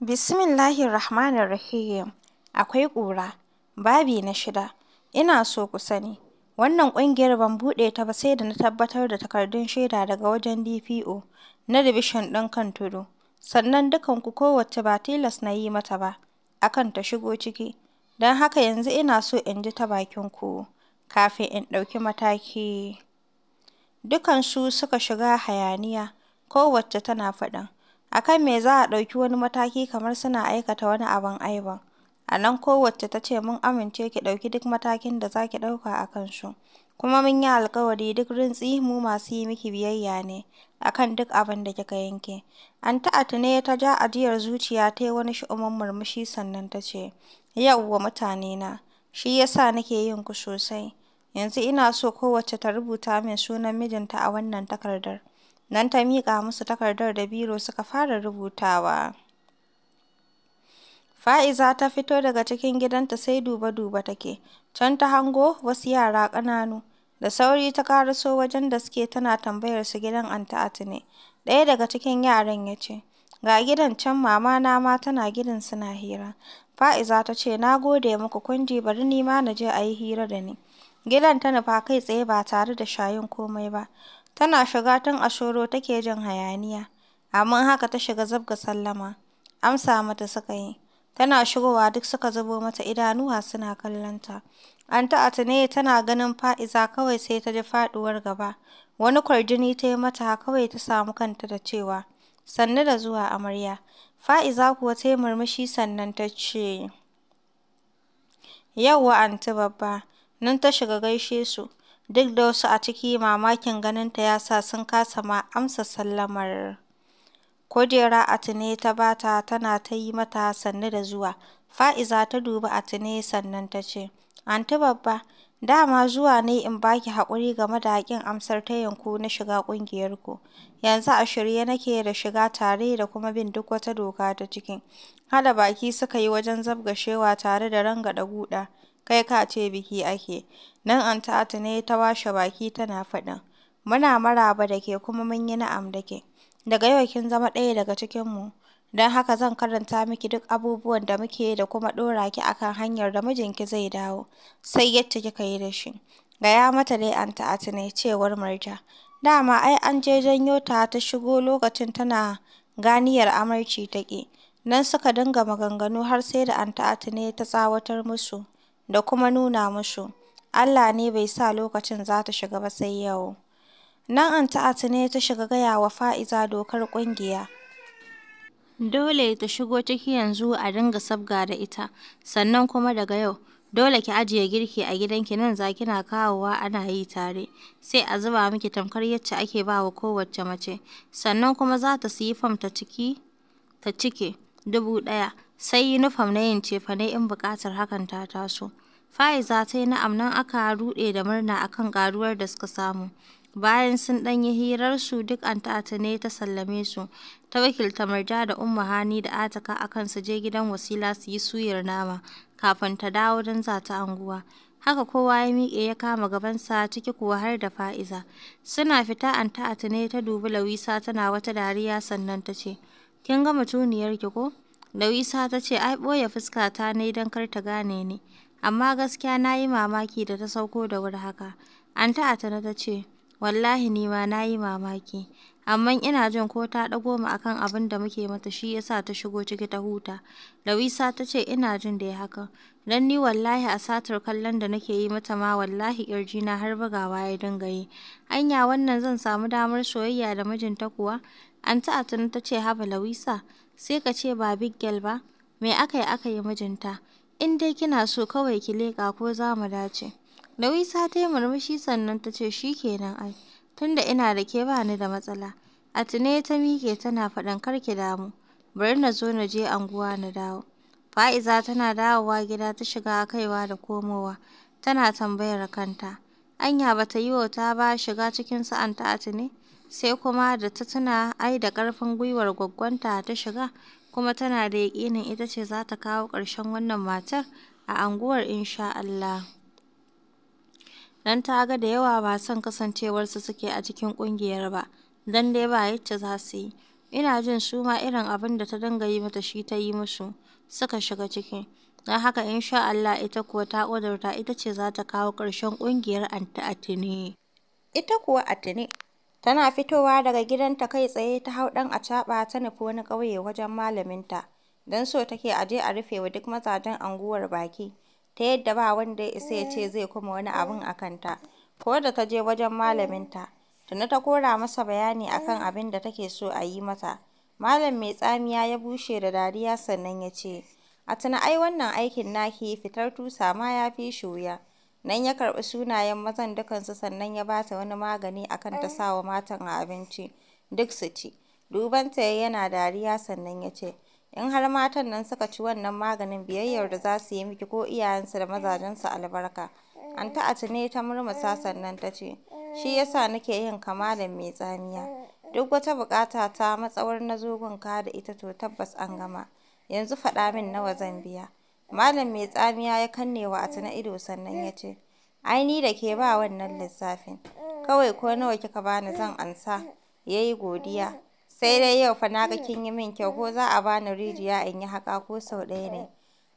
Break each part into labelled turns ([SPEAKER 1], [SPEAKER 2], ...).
[SPEAKER 1] Bismillahirrahmanirrahim. Akwai ƙura. Babi na shida. Ina so ku sani, wannan ƙungiyar ban buɗe ta ba sai da na tabbatar da takardun shaida daga wajen DPO na Division ɗin kan tudu, sannan dukanku kowace ba tilas na yi mata ba, akan ta shigo ciki. Don haka yanzu ina so in ji ta bakin ku, kafin in ɗauki mataki. Dukansu suka shiga hayaniya, kowace tana faɗin A kan me za a ɗauki wani mataki kamar suna aikata wani abin aiba? a nan kowacce ta ce mun amince ki ɗauki duk matakin da za ki ɗauka a kansu, kuma mun yi alkawari duk rintsi mu masu yi miki biyayya ne a kan duk abin da kika yanke. An Anty ne ta ja ajiyar zuciya ta yi wani sha'umin murmushi sannan ta ce, mutane na. shi ya sa nake yin ku sosai, yanzu ina so kowacce ta rubuta min sunan mijinta a wannan takardar. Nan ta miƙa musu takardar da biro suka fara rubutawa. Fa'iza ta fito daga cikin gidanta sai duba-duba duba take, can ta hango wasu yara ƙananu. Da sauri ta ƙaraso wajen da suke tana tambayar su gidan Anty Atine. Ɗaya daga cikin yaran ya ce, Ga gidan can mamana ma tana gidan suna hira. Fa'iza ta ce, Na gode muku kun bari ni ma na je a yi hira da ni. Gidan ta nufa kai tsaye ba tare da shayin komai ba. Tana shiga tun a shoro take jin hayaniya, amma haka ta shiga zabga sallama, amsa mata suka yi, tana shigowa duk suka zubo mata idanuwa suna kallonta. ta Atine tana ganin Fa'iza kawai sai ta ji faɗuwar gaba, wani kwarjini ta yi mata kawai ta samu kanta da cewa, sannu da zuwa amarya. Fa'iza kuwa ta yi murmushi sannan ta ce, yawwa anty babba, nan ta shiga gaishe su. duk da wasu a ciki mamakin ganinta ya sa sun kasa ma amsa sallamar. Kujera Atine ta bata tana ta yi mata sannu da zuwa. Fa'iza ta dubi Atine sannan ta ce, Anti babba, dama zuwa ne in baki haƙuri game da haƙin amsar ta yanku na shiga ƙungiyarku. Yanzu a shirye nake da shiga tare da kuma bin duk wata doka ta cikin. Hada baki suka yi wajen zabga shewa tare da rangada guda. kai ka ce biki ake. Nan an ta ne ta washe baki tana faɗin, "Muna maraba da ke kuma mun yi na'am da ke. Daga yau kin zama ɗaya daga cikin mu don haka zan karanta miki duk abubuwan da muke da kuma ɗora ki akan hanyar da mijinki zai dawo, sai yadda kika yi da shi." Gaya mata dai an ta ne cewar Murja. Dama ai an je janyo ta ta shigo lokacin tana ganiyar amarci ta ke. Nan suka dinga maganganu har sai da an ta ne ta tsawatar musu. da kuma nuna musu, Allah ne bai sa lokacin za ta shiga ba sai yau. Nan an ati ne ta shiga gaya wa Fa'iza dokar ƙungiya. Dole ta shigo ciki yanzu a dinga sabga da ita, sannan kuma daga yau, dole ki ajiye girki a gidanki nan za kina kawowa ana yi tare, sai a zuba miki tamkar yacce ake ba wa kowace mace, sannan kuma za ta siyi fam ta ciki, ta cike, dubu ɗaya. sai yunifom na yin cefa cefane in buƙatar hakan ta taso. Faiza ta yi na'am nan aka rude da murna akan ƙaruwar da suka samu. Bayan sun ɗan yi su duk an Antata ne ta sallame su, ta wakilta marja da Umma Hani da Ataka akan su je gidan Wasila su yi suyar nama kafin ta dawo don za ta anguwa. haka kowa ya miƙe ya kama gabansa ciki kuwa har da fa'iza suna fita an ta ne ta dubi lawisa tana wata dariya sannan ta ce kin ga mutuniyar ki ko Lawisa ta ce, "Ai, ɓoye fuska ta ne don kar ta gane ni, amma gaskiya na yi mamaki da ta sauko da wuri haka." An Atana ta ce, "Wallahi ni ma na yi mamaki, amma ina jin ko ta ɗago mu akan abin da muke mata shi yasa ta shigo ciki ta huta." Lawisa ta ce, "Ina jin da ya haka don ni wallahi a satar kallon da nake yi mata ma wallahi na har bugawa ya dinga yi. Anya wannan zan samu damar soyayya da mijinta kuwa?" An Atana ta ce, "Haba Lawisa. sai ka ce ba big ba, me aka yi aka yi mijinta, in dai kina so kawai ki leƙa ko za mu dace. Nawisa ta yi murmushi sannan ta ce shi kenan ai, tunda ina da ke ba ni da matsala. A tune ta miƙe tana faɗin kar ki damu, bari na zo na je anguwa na dawo. Fa'iza tana dawowa gida ta shiga kaiwa da komowa, tana tambayar kanta. Anya ba ta yi wauta ba shiga cikin sa'anta a tune? sai kuma da ta tuna ai da ƙarfin gwiwar gwaggonta ta shiga, kuma tana da yaƙinin ita ce za ta kawo ƙarshen wannan matar a anguwar insha Allah. Don ta ga da yawa ba son kasancewarsu suke a cikin ƙungiyar ba, don dai ba yacce za su yi. Ina jin su ma irin abin da ta dinga yi mata shi ta yi musu, suka shiga ciki. Don haka in sha Allah ita kuwa ta ƙudurta ita ce za ta kawo ƙarshen ƙungiyar Anta Ita kuwa Atine Tana fitowa daga gidanta kai tsaye ta hau ɗan acaɓa ta nufi wani ƙauye wajen malaminta, don so take a je a rufe wa duk mazajen unguwar baki, ta yadda ba wanda ya isa ya ce zai kuma wani abin a kanta. Ko da ta je wajen malaminta, tuni ta kora masa bayani akan abin da take so a yi mata. Malam mai tsamiya ya bushe da dariya sannan ya ce, A tuni ai wannan aikin naki fitar tusa ma ya fi shuya. Nan ya karɓi sunayen mazan dukansu sannan ya ba ta wani magani a kan ta sawa matan a abinci duk su ci. Dubanta ya yana dariya sannan ya ce, In har matan nan suka ci wannan maganin biyayyar da za su yi miki ko iyayensu da mazajensu albarka. ta Atine ta murmusa sannan ta ce, Shi yasa nake yin kamalan mai tsamiya. Duk wata bukata ta matsawar na zogon ka da ita to tabbas an gama. Yanzu faɗa min nawa zan biya. Malam mai tsamiya ya kanne wa Atine ido sannan ya ce, Ai ni da ke ba wannan lissafin, kawai ko nawa kika bani zan ansa, ya yi godiya. Sai dai yau fa na ga kin yi min kyau ko za a bani rijiya in yi haƙa ko sau ɗaya ne.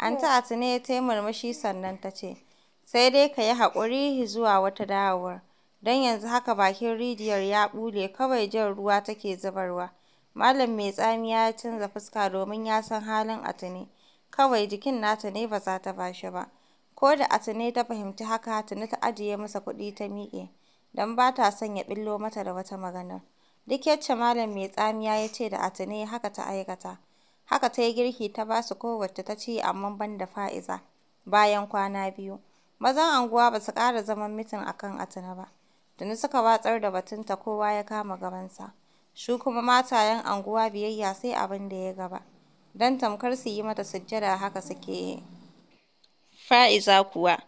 [SPEAKER 1] Anti Atine ya ta yi murmushi sannan ta ce, Sai dai ka yi haƙuri zuwa wata dawowar. don yanzu haka bakin rijiyar ya ɓule kawai jan ruwa take zubarwa. Malam mai tsamiya ya canza fuska domin ya san halin Atine. kawai jikin nata ne ba za ta bashi ba. Ko da a ta fahimci haka tuni ta ajiye masa kuɗi ta miƙe, don ba ta son ya ɓillo mata da wata magana. Duk yacce malam mai tsamiya ya ce da Atine haka ta aikata. Haka ta yi girki ta ba su kowacce ta ci amma ban da Fa'iza. Bayan kwana biyu, mazan anguwa ba su ƙara zaman mitin a kan Atine ba. Tuni suka watsar da batunta kowa ya kama gabansa. Shu kuma matayen anguwa biyayya sai abin da ya gaba. don tamkar su yi mata sujjada haka suke yi. Fa'iza kuwa,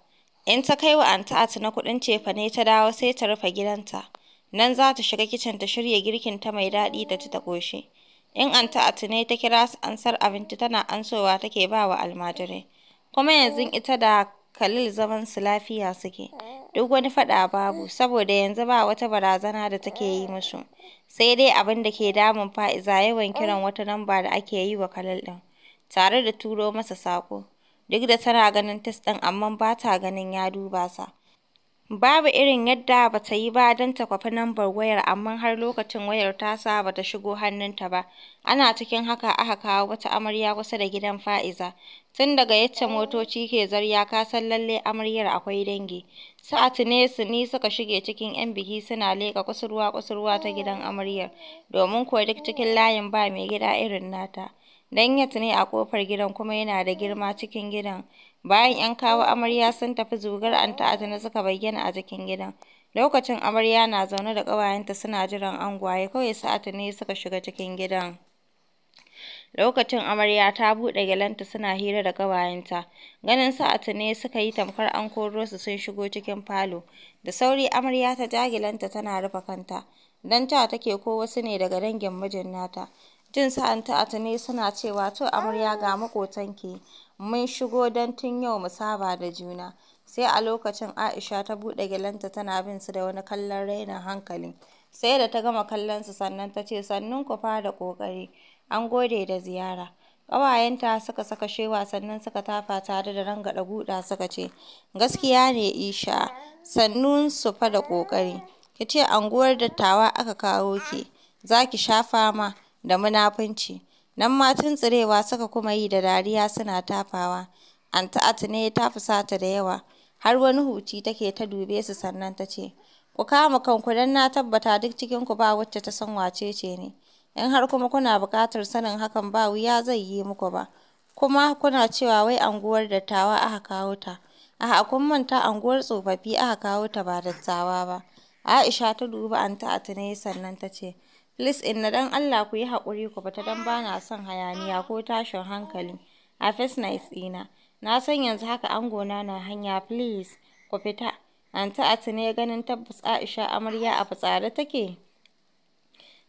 [SPEAKER 1] in ta kai wa Anta'at na kuɗin cefane ta dawo sai ta rufe gidanta, nan za ta shiga kicin ta shirya girkin ta mai daɗi da ta ƙoshi. In Anta'at ne ta kira su ansar abinci tana ansowa take ba wa almajirai, kuma yanzu ita da Khalil su lafiya suke, duk wani fada babu, saboda yanzu ba wata barazana da take yi musu, sai dai abin da ke damun Fa'iza yawan kiran wata lamba da ake yi wa Khalil ɗin, tare da turo masa sako duk da tana ganin test ɗin amma ba ta ganin ya duba sa. Babu irin yadda ba ta yi ba don ta kwafi lambar wayar amma har lokacin wayar tasa ba ta shigo hannunta ba, ana cikin haka aka kawo wata amarya kusa da gidan Fa'iza, tun daga yacce motoci ke zarya kasan san lallai amaryar akwai dangi. Sa'atu ne ni suka shige cikin 'yan biki suna leƙa kusurwa-kusurwa ta gidan amaryar, domin kuwa duk cikin layin ba mai gida irin nata. danyat ne a ƙofar gidan kuma yana da girma cikin gidan. Bayan ‘yan kawu amarya sun tafi, zugar Anty na suka bayyana a jikin gidan. Lokacin amarya na zaune da ƙawayenta suna jiran angwaye, kawai sa’ati ne suka shiga cikin gidan. Lokacin amarya ta buɗe gyalenta suna hira da ƙawayenta. Ganin su ne suka yi tamkar an koro su sun shigo cikin falo. Da sauri amarya ta ja gilanta tana rufe kanta. Don ta take ko wasu ne daga dangin mijin nata. Jin su Anty ne suna cewa to amarya ga maƙotanki. Mun shigo don tun yau mu saba da juna,” sai a lokacin Aisha ta buɗe gilanta tana bin su da wani kallon rainin hankali, sai da ta gama kallon su sannan ta ce, “Sannunku fa da ƙoƙari, an gode da ziyara.” Ƙawayenta suka saka shewa sannan suka tafa tare da rangada guda suka ce, “Gaskiya ne Isha, su fa da ƙoƙari, ki ce unguwar dattawa aka kawo ki, za ki sha fama da munafunci.” Nan ma tsirewa, suka kuma yi da dariya suna tafawa. An ta'atu ne ta fusata da yawa, har wani huci take ta dube su sannan ta ce, Ku kama kanku don na tabbata duk cikin ku ba wacce ta san wace ce ne in har kuma kuna buƙatar sanin hakan ba wuya zai yi muku ba, kuma kuna cewa wai unguwar dattawa aka kawo ta, a'a kun manta unguwar tsofaffi aka kawo ta ba dattawa ba. Aisha ta dubi an At ne sannan ta ce, in na dan Allah ku yi haƙuri ku fita dan ba na son hayaniya ko tashin hankali a first night ɗina, na san yanzu haka angona na hanya please ku fita, Anta a ne ganin tabbas Aisha amarya a fitsare take,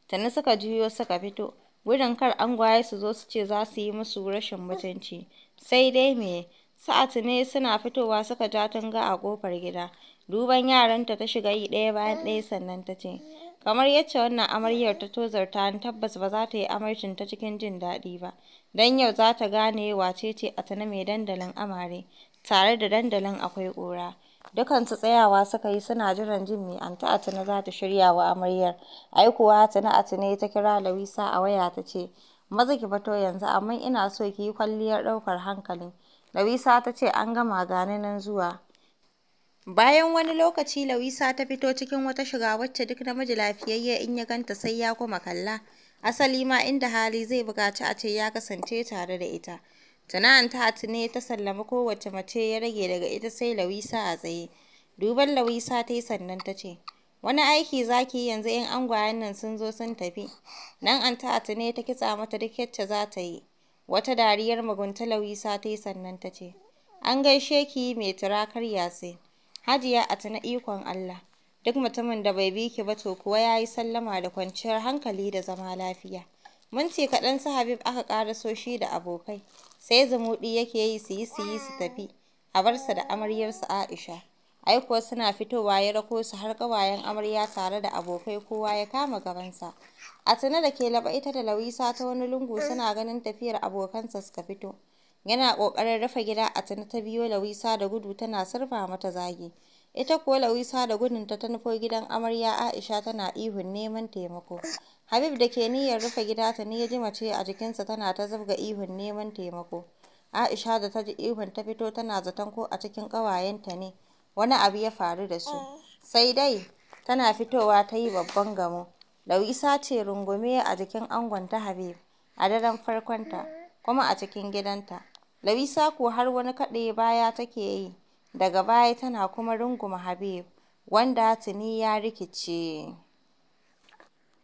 [SPEAKER 1] Tani suka juyo suka fito, gudun kar angwaye su zo su ce za su yi musu rashin mutunci, sai dai me, Sa'atu ne suna fitowa suka ja tunga a ƙofar gida, duban yaranta ta shiga yi ɗaya bayan ɗaya sannan ta ce Kamar yacce wannan amaryar ta tozarta ni, tabbas ba za ta yi amarcin ta cikin jin daɗi ba, dan yau za ta gane wace ce tana mai dandalin amare, tare da dandalin akwai ƙura. Dukansu tsayawa suka yi suna jiran jin me Anty Atine za ta shirya wa amaryar. Ai kuwa a Atine ta kira Lawisa a waya ta ce, maza ki fito yanzu amma ina so ki yi kwalliyar ɗaukar hankali. Lawisa ta ce an gama ga nan zuwa. Bayan wani lokaci Lawisa ta fito cikin wata shiga wacce duk namiji lafiyayye in ya ganta sai ya kuma kalla. Asali ma inda hali zai buƙaci a ce ya kasance tare da ita. ta ne ta sallami kowace mace ya rage daga ita sai Lawisa a tsaye. Duban Lawisa ta yi sannan ta ce, Wani aiki za ki yi yanzu in angwayen nan sun zo sun tafi. Nan an ta ne ta kitsa mata duk yacce za ta yi. Wata dariyar mugunta Lawisa ta yi sannan ta ce, An gaishe ki mai turakar Yasin. Hajiya a tuna ikon Allah, duk mutumin da bai bi ki ba to kuwa ya yi sallama da kwanciyar hankali da zama lafiya. Minti kaɗan su Habib aka ƙaraso shi da abokai, sai zumuɗi yake yi su yi su yi su tafi, a barsa da amaryarsu Aisha. Ai kuwa suna fitowa ya rako su har ƙawayen amarya tare da abokai kowa ya kama gabansa. A tana da ke laɓa ita da Lawisa ta wani lungu suna ganin tafiyar abokansa suka fito. Yana ƙoƙarin rufe gida, a Atine ta biyo Lawisa da gudu tana surfa mata zagi. Ita kuwa Lawisa da gudun ta nufo gidan amarya Aisha tana ihun neman taimako. Habib da ke niyyar rufe gida ne ya ji mace a jikinsa tana ta zubga ihun neman taimako. Aisha da ta ji ihun ta fito tana zaton ko a cikin ƙawayenta ne wani abu ya faru da su. Sai dai tana fitowa ta yi babban gamo. Lawisa ce rungume a jikin angon ta Habib a daren farkonta kuma a cikin gidanta. Lawisa ko har wani kaɗe baya take yi, daga baya tana kuma runguma Habib, wanda tuni ya rikice.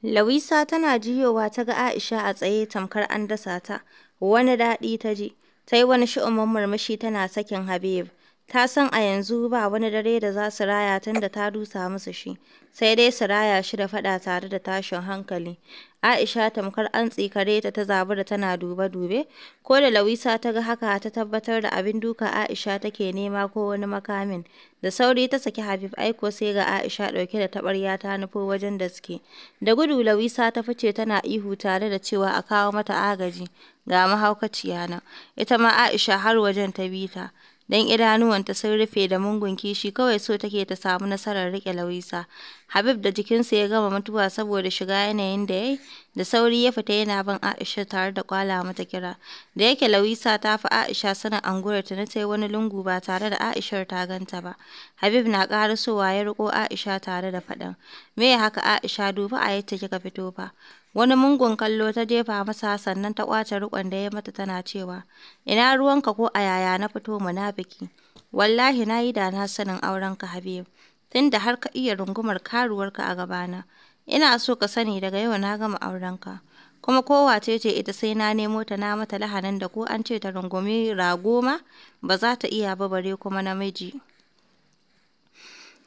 [SPEAKER 1] Lawisa tana jiyowa ta ga Aisha a tsaye tamkar an dasa ta, wani daɗi ta ji, ta yi wani shu'umin murmushi tana sakin Habib. Ta san a yanzu ba wani dare da za su raya tun da ta rusa musu shi, sai dai su raya shi da faɗa tare da tashin hankali. Aisha tamkar an tsikare ta ta da tana dube-dube, ko da Lawisa ta ga haka ta tabbatar da abin duka Aisha take nema ko wani makamin. Da sauri ta saki Habib aiko sai ga Aisha ɗauke da taɓarya ta nufo wajen da suke. Da gudu Lawisa ta fice tana ihu tare da cewa a kawo mata agaji, ga mahaukaciya na Ita ma Aisha har wajen ta bi ta. don idanuwanta sun rufe da mungun kishi kawai so take ta samu nasarar rike Lawisa. Habib da jikinsa ya gama mutuwa saboda shiga yanayin da ya yi, da sauri ya fita yana bin Aisha tare da kwala mata kira. Da yake Lawisa ta fi Aisha sanin angular ta ta wani lungu ba tare da Aishar ta ganta ba. Habib na sowa ya riko Aisha tare da faɗan. Me haka Aisha duba a yadda kika fito ba? Wani mungun kallo ta jefa masa sannan ta kwace riƙon da ya mata tana cewa, Ina ruwanka ko a yaya na fito munafiki, wallahi na yi da na sanin ka Habib, tunda har ka iya rungumar karuwarka a gabana. Ina so ka sani daga yau na gama aurenka. kuma ko wace ce ita sai na nemo ta na mata lahanin da ko an ce ta rungumi rago ma ba za ta iya ba bare kuma namiji.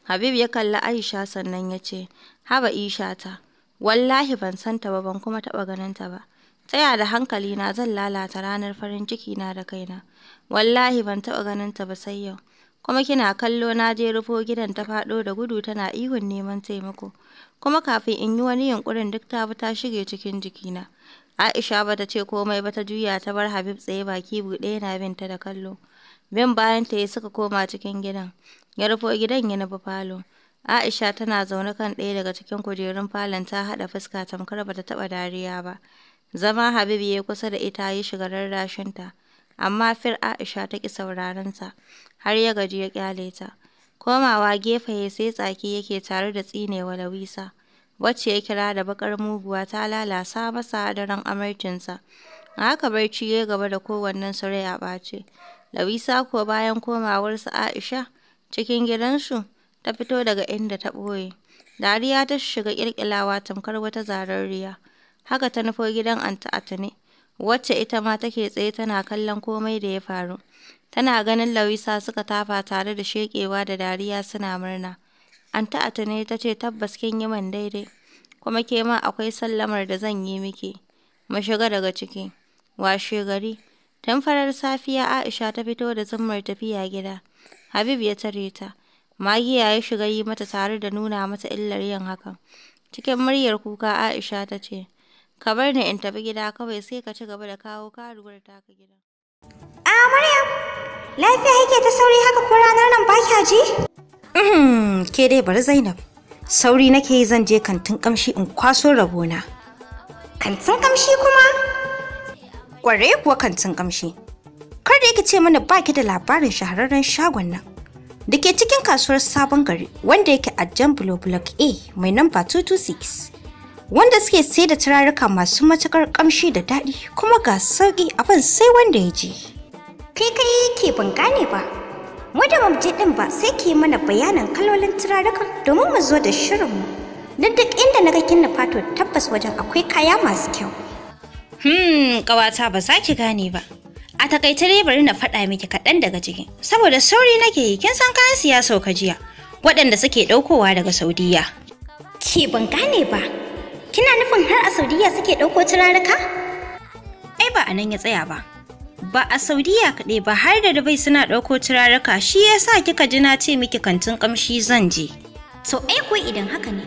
[SPEAKER 1] Habib ya kalli Aisha sannan ya ce, Haba Isha ta, Wallahi ban san ta ba ban kuma taba ganin ta ba. Tsaya da hankali na zan lalata ranar farin ciki na da kaina. Wallahi ban taɓa ganin ta ba sai yau. Kuma kina kallo na je rufo gidan ta faɗo da gudu tana ihun neman taimako. Kuma kafin in yi wani yunkurin duk ta ba ta shige cikin jikina. Aisha ba ta ce komai ba ta juya ta bar Habib tsaye baki buɗe yana bin ta da kallo. Bin bayan ta ya suka koma cikin gidan. Ya rufo gidan ya nufi falo. Aisha tana zaune kan ɗaya daga cikin kujerun falon ta haɗa fuska tamkar ba ta taɓa dariya ba. Zama Habib ya kusa da ita ya shiga rarrashinta, amma fir Aisha ta ƙi sauraron ta, har ya gaji ya ƙyale ta. Komawa gefe sai tsaki yake tare da tsinewa Lawisa, wacce ya kira da baƙar muguwa ta lalasa masa daren amarcinsa. haka barci ya gaba da kowannen su a ɓace. Lawisa ko bayan komawarsa Aisha cikin gidansu ta fito daga inda ta ɓoye. Dariya ta shiga ƙirƙilawa tamkar wata zararriya. Haka ta nufo gidan Anta Atene, wacce ita ma take tsaye tana kallon komai da ya faru. Tana ganin Lawisa suka tafa tare da sheƙewa da dariya suna murna. Anta Atene ta ce tabbas kin yi min daidai, kuma ke ma akwai sallamar da zan yi miki. Mu shiga daga ciki. Washe gari, tun farar safiya Aisha ta fito da zummar tafiya gida. Habib ya tare ta. magiya ya shiga yi mata tare da nuna mata illar yin haka, Cikin muryar kuka Aisha ta ce, Ka bar ni in tafi gida kawai sai ka ci gaba da kawo karuwar taka gida. A Maryam, lafiya yake ta sauri haka ko ranar nan ba kya ji? Uhm, ke dai bari Zainab. Sauri nake yi zan je kantin kamshi in kwaso rabona. Kantin kamshi kuma? Kware kuwa kantin kamshi. Kar da yake ce mana baki da labarin shahararren shagon nan. da ke cikin kasuwar sabon gari wanda yake a jan block a mai namba 226 wanda suke sai da turaruka masu matakar kamshi da daɗi kuma ga sauƙi abin sai wanda ya je kai kai ke ban gane ba mu da mamje ɗin ba sai ke mana bayanan kalolin turarukan domin mu zo da shirinmu na duk inda na ga kinna fato tabbas wajen akwai kaya masu kyau hmm ƙawata ba za ki gane ba A takaice dai bari na faɗa miki kaɗan daga cikin, saboda sauri nake yi kin san kayan siyasa ka jiya, waɗanda suke ɗaukowa daga Saudiya. Ke ban gane ba, kina nufin har a Saudiya suke ɗauko turaruka? Ai ba a nan ya tsaya ba. Ba a Saudiya kaɗai ba har da Dubai suna ɗauko turaruka shi yasa kika ji na ce miki kantin ƙamshi zan je. To ai ko idan haka ne,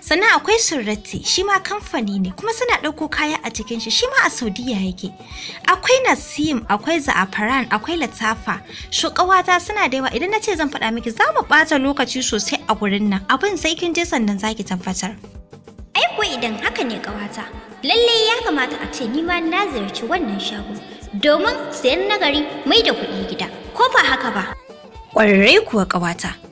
[SPEAKER 1] sannan akwai surrati shi ma kamfani ne kuma suna ɗauko kaya a cikin shi shi ma a saudiya yake akwai nasim akwai za'afaran akwai latafa shukawata suna da yawa idan na ce zan faɗa miki za mu ɓata lokaci sosai a gurin nan abin sai kin je sannan za ki tabbatar ai ko idan haka ne kawata lallai ya kamata a ce ni ma na ziyarci wannan shago domin sayan nagari mai da kuɗi gida ko ba haka ba ƙwararre kuwa kawata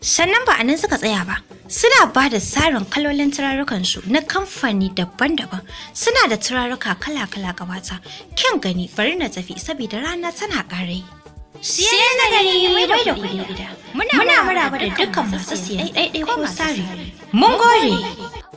[SPEAKER 1] Sannan ba a nan suka tsaya ba, suna ba da tsarin kalolin turarukansu na kamfani daban-daban suna da turaruka kala-kala gabata. Kyan gani bari na tafi saboda rana tana karai Siyan na gani mai da kuɗi guda. Muna maraba da dukkan masu siyan ɗaiɗai ko tsari. Mun gore!